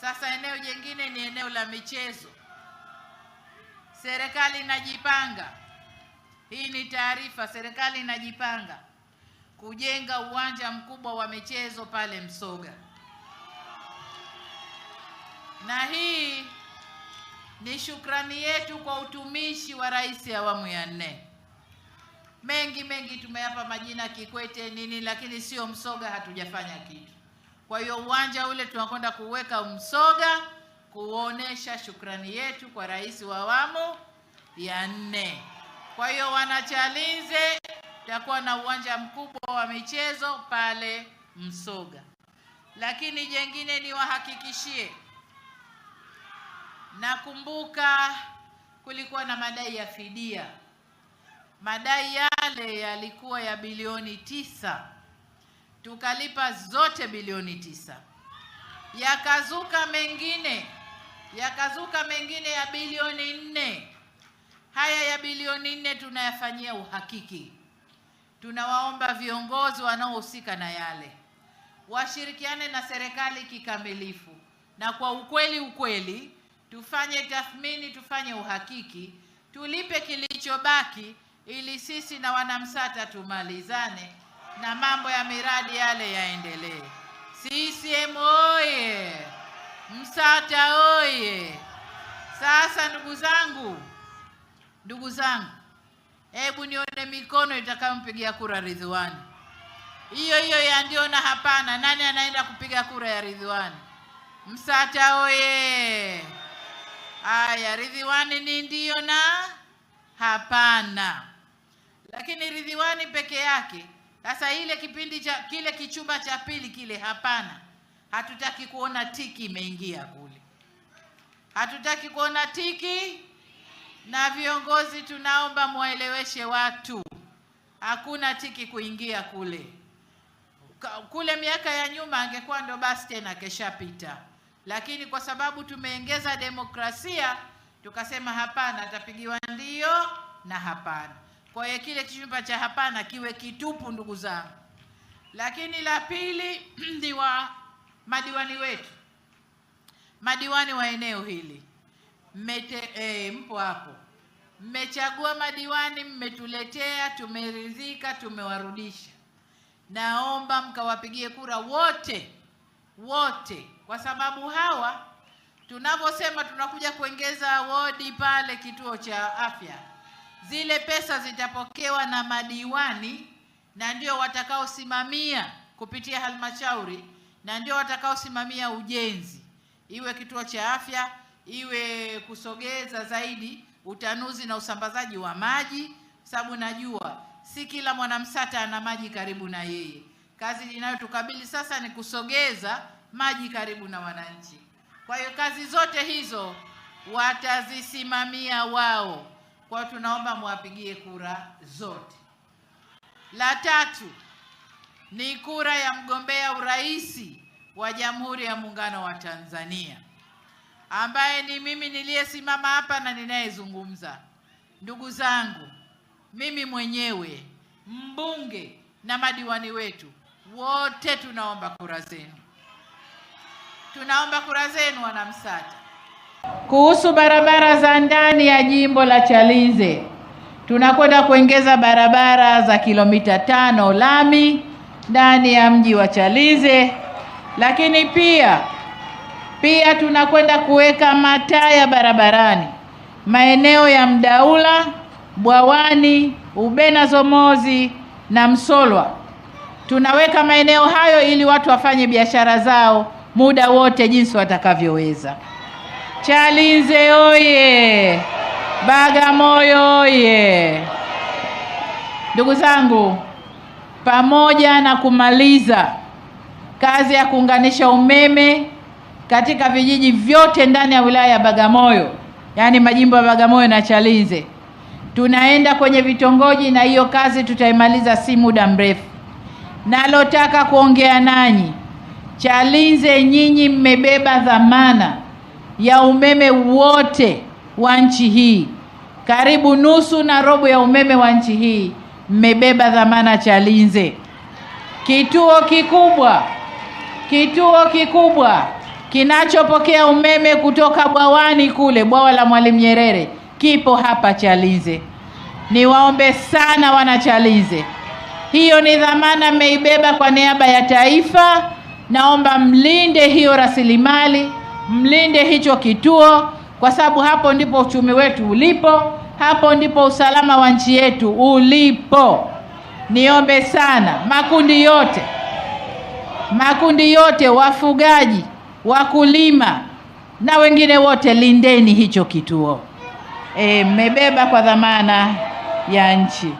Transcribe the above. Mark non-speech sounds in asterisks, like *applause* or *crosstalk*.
Sasa eneo jingine ni eneo la michezo. Serikali inajipanga, hii ni taarifa. Serikali inajipanga kujenga uwanja mkubwa wa michezo pale Msoga, na hii ni shukrani yetu kwa utumishi wa rais awamu ya nne. Mengi mengi tumeyapa majina Kikwete nini, lakini sio Msoga hatujafanya kitu. Kwa hiyo uwanja ule tunakwenda kuweka Msoga kuonesha shukrani yetu kwa rais wa awamu ya nne. Kwa hiyo wanachalinze, tutakuwa na uwanja mkubwa wa michezo pale Msoga. Lakini jengine niwahakikishie, nakumbuka kulikuwa na madai ya fidia. Madai yale yalikuwa ya bilioni tisa tukalipa zote bilioni tisa. Yakazuka mengine yakazuka mengine ya bilioni nne. Haya ya bilioni nne tunayafanyia uhakiki. Tunawaomba viongozi wanaohusika na yale washirikiane na serikali kikamilifu, na kwa ukweli ukweli, tufanye tathmini, tufanye uhakiki, tulipe kilichobaki, ili sisi na wanamsata tumalizane na mambo ya miradi yale yaendelee. CCM oye! Msata oye! Sasa ndugu zangu, ndugu zangu, hebu nione mikono itakayompigia kura Ridhiwani. Hiyo hiyo ya ndio na hapana. Nani anaenda kupiga kura ya Ridhiwani? Msata oye! Haya, Ridhiwani ni ndio na hapana, lakini Ridhiwani peke yake sasa ile kipindi cha kile kichumba cha pili kile, hapana, hatutaki kuona tiki imeingia kule, hatutaki kuona tiki. Na viongozi, tunaomba mwaeleweshe watu, hakuna tiki kuingia kule. Kule miaka ya nyuma angekuwa ndo basi tena keshapita, lakini kwa sababu tumeongeza demokrasia, tukasema hapana, atapigiwa ndio na hapana. Kwa hiyo kile chumba cha hapana kiwe kitupu, ndugu zangu. Lakini la pili *clears throat* ni wa madiwani wetu, madiwani wa eneo hili mmete, eh, mpo hapo, mmechagua madiwani, mmetuletea, tumeridhika, tumewarudisha. Naomba mkawapigie kura wote wote, kwa sababu hawa tunavyosema tunakuja kuongeza wodi pale kituo cha afya zile pesa zitapokewa na madiwani na ndio watakaosimamia kupitia halmashauri na ndio watakaosimamia ujenzi, iwe kituo cha afya, iwe kusogeza zaidi utanuzi na usambazaji wa maji, sababu najua si kila mwanamsata ana maji karibu na yeye. Kazi inayotukabili sasa ni kusogeza maji karibu na wananchi. Kwa hiyo kazi zote hizo watazisimamia wao. Kwa tunaomba mwapigie kura zote. La tatu ni kura ya mgombea urais wa Jamhuri ya Muungano wa Tanzania ambaye ni mimi niliyesimama hapa na ninayezungumza. Ndugu zangu, mimi mwenyewe, mbunge na madiwani wetu wote, tunaomba kura zenu, tunaomba kura zenu, wanamsata. Kuhusu barabara za ndani ya jimbo la Chalinze, tunakwenda kuongeza barabara za kilomita tano lami ndani ya mji wa Chalinze, lakini pia pia tunakwenda kuweka mataa ya barabarani maeneo ya Mdaula, Bwawani, Ubena Zomozi na Msolwa. Tunaweka maeneo hayo ili watu wafanye biashara zao muda wote jinsi watakavyoweza. Chalinze oye! Bagamoyo oye! Ndugu zangu, pamoja na kumaliza kazi ya kuunganisha umeme katika vijiji vyote ndani ya wilaya ya Bagamoyo, yaani majimbo ya Bagamoyo na Chalinze, tunaenda kwenye vitongoji, na hiyo kazi tutaimaliza si muda mrefu. Nalotaka kuongea nanyi Chalinze, nyinyi mmebeba dhamana ya umeme wote wa nchi hii. Karibu nusu na robo ya umeme wa nchi hii mmebeba dhamana Chalinze, kituo kikubwa, kituo kikubwa kinachopokea umeme kutoka bwawani kule, bwawa la Mwalimu Nyerere kipo hapa Chalinze. Niwaombe sana wana Chalinze, hiyo ni dhamana mmeibeba kwa niaba ya taifa. Naomba mlinde hiyo rasilimali mlinde hicho kituo, kwa sababu hapo ndipo uchumi wetu ulipo, hapo ndipo usalama wa nchi yetu ulipo. Niombe sana makundi yote, makundi yote, wafugaji, wakulima na wengine wote, lindeni hicho kituo. E, mmebeba kwa dhamana ya nchi.